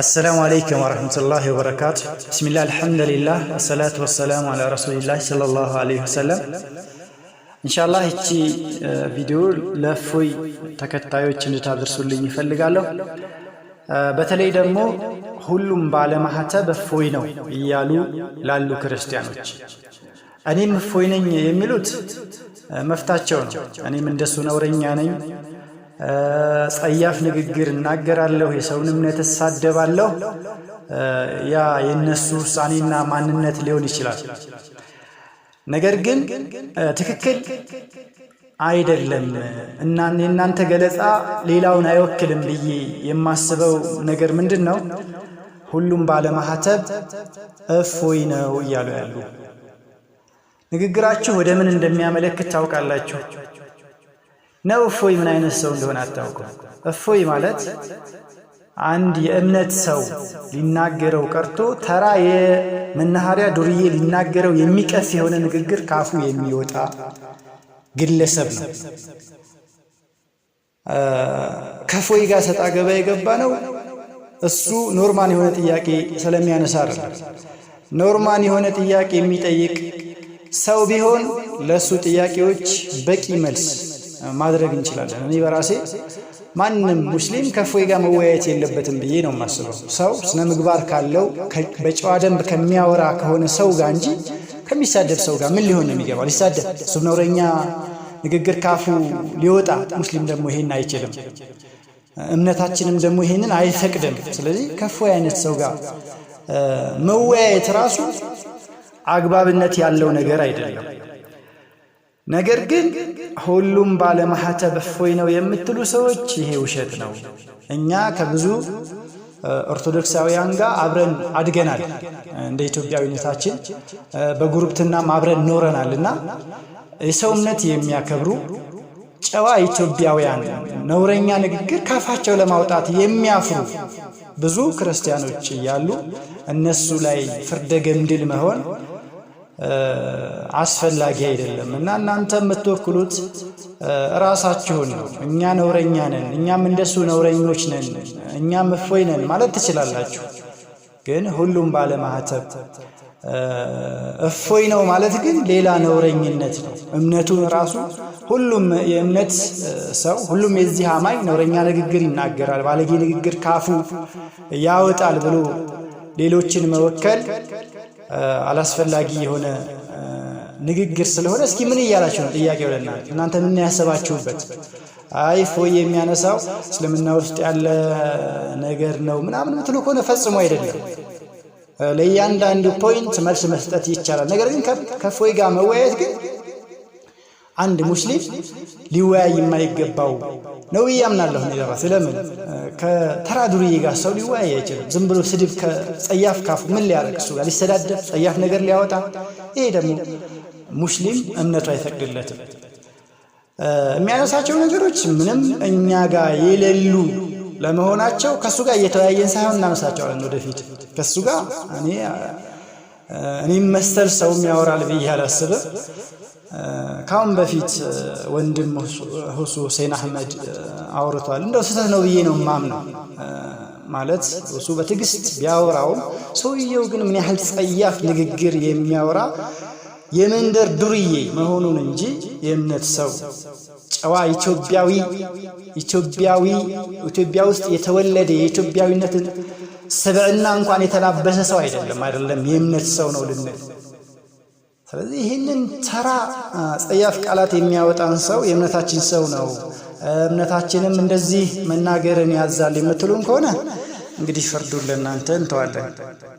አሰላሙ አለይኩም ወረህመቱላሂ ወበረካቱ። ብስሚላ አልሐምዱሊላህ ወሰላቱ ወሰላሙ አላ ረሱሊላህ ሰለላሁ አለይሂ ወሰለም። እንሻላህ እቺ ቪዲዮ ለእፎይ ተከታዮች እንድታደርሱልኝ ይፈልጋለሁ። በተለይ ደግሞ ሁሉም ባለማህተብ እፎይ ነው እያሉ ላሉ ክርስቲያኖች እኔም እፎይ ነኝ የሚሉት መፍታቸው ነው። እኔም እንደሱ ነውረኛ ነኝ ጸያፍ ንግግር እናገራለሁ፣ የሰውን እምነት እሳደባለሁ። ያ የእነሱ ውሳኔና ማንነት ሊሆን ይችላል። ነገር ግን ትክክል አይደለም የእናንተ ገለጻ ሌላውን አይወክልም ብዬ የማስበው ነገር ምንድን ነው? ሁሉም ባለማህተብ እፎይ ነው እያሉ ያሉ ንግግራችሁ ወደ ምን እንደሚያመለክት ታውቃላችሁ? ነው። እፎይ ምን አይነት ሰው እንደሆነ አታውቁ እፎይ ማለት አንድ የእምነት ሰው ሊናገረው ቀርቶ ተራ የመናኸሪያ ዱርዬ ሊናገረው የሚቀፍ የሆነ ንግግር ካፉ የሚወጣ ግለሰብ ነው። ከፎይ ጋር ሰጣ ገባ የገባ ነው። እሱ ኖርማል የሆነ ጥያቄ ስለሚያነሳ አይደለም። ኖርማል የሆነ ጥያቄ የሚጠይቅ ሰው ቢሆን ለእሱ ጥያቄዎች በቂ መልስ ማድረግ እንችላለን። እኔ በራሴ ማንም ሙስሊም ከእፎይ ጋር መወያየት የለበትም ብዬ ነው የማስበው። ሰው ስነ ምግባር ካለው በጨዋ ደንብ ከሚያወራ ከሆነ ሰው ጋር እንጂ ከሚሳደብ ሰው ጋር ምን ሊሆን ነው የሚገባው? ሊሳደብ እሱ ነውረኛ ንግግር ካፉ ሊወጣ ሙስሊም ደግሞ ይሄን አይችልም። እምነታችንም ደግሞ ይሄንን አይፈቅድም። ስለዚህ ከፎ አይነት ሰው ጋር መወያየት ራሱ አግባብነት ያለው ነገር አይደለም። ነገር ግን ሁሉም ባለማህተብ እፎይ ነው የምትሉ ሰዎች ይሄ ውሸት ነው። እኛ ከብዙ ኦርቶዶክሳውያን ጋር አብረን አድገናል። እንደ ኢትዮጵያዊነታችን በጉርብትናም አብረን ኖረናል እና የሰውነት የሚያከብሩ ጨዋ ኢትዮጵያውያን ነውረኛ ንግግር ካፋቸው ለማውጣት የሚያፍሩ ብዙ ክርስቲያኖች እያሉ እነሱ ላይ ፍርደ ገምድል መሆን አስፈላጊ አይደለም እና እናንተ የምትወክሉት ራሳችሁን ነው። እኛ ነውረኛ ነን፣ እኛም እንደሱ ነውረኞች ነን፣ እኛም እፎይ ነን ማለት ትችላላችሁ። ግን ሁሉም ባለማህተብ እፎይ ነው ማለት ግን ሌላ ነውረኝነት ነው። እምነቱ ራሱ ሁሉም የእምነት ሰው ሁሉም የዚህ አማኝ ነውረኛ ንግግር ይናገራል፣ ባለጌ ንግግር ካፉ ያወጣል ብሎ ሌሎችን መወከል አላስፈላጊ የሆነ ንግግር ስለሆነ እስኪ ምን እያላችሁ ነው? ጥያቄ ወደና እናንተ ምን ያሰባችሁበት? አይ ፎይ የሚያነሳው እስልምና ውስጥ ያለ ነገር ነው ምናምን ምትሉ ከሆነ ፈጽሞ አይደለም። ለእያንዳንዱ ፖይንት መልስ መስጠት ይቻላል። ነገር ግን ከፎይ ጋር መወያየት ግን አንድ ሙስሊም ሊወያይ የማይገባው ነው ብዬ አምናለሁ። እኔ ለምን ከተራ ዱርዬ ጋር ሰው ሊወያይ አይችልም። ዝም ብሎ ስድብ ከጸያፍ ካፉ ምን ሊያደርግ እሱ ጋር ሊሰዳደብ ጸያፍ ነገር ሊያወጣ፣ ይሄ ደግሞ ሙስሊም እምነቱ አይፈቅድለትም። የሚያነሳቸው ነገሮች ምንም እኛ ጋር የሌሉ ለመሆናቸው ከእሱ ጋር እየተወያየን ሳይሆን እናነሳቸዋለን። ወደፊት ከእሱ ጋር እኔ እኔም መሰል ሰው ያወራል ብዬ አላስብም። ከአሁን በፊት ወንድም ሁሱ ሁሴን አህመድ አውርቷል። እንደው ስህተት ነው ብዬ ነው የማምነው። ማለት እሱ በትዕግስት ቢያወራውም ሰውየው ግን ምን ያህል ጸያፍ ንግግር የሚያወራ የመንደር ዱርዬ መሆኑን እንጂ የእምነት ሰው ጨዋ ኢትዮጵያዊ ኢትዮጵያዊ ኢትዮጵያ ውስጥ የተወለደ የኢትዮጵያዊነትን ስብዕና እንኳን የተላበሰ ሰው አይደለም አይደለም የእምነት ሰው ነው ልንል ስለዚህ ይህንን ተራ ጸያፍ ቃላት የሚያወጣን ሰው የእምነታችን ሰው ነው፣ እምነታችንም እንደዚህ መናገርን ያዛል የምትሉን ከሆነ እንግዲህ ፍርዱን ለእናንተ እንተዋለን።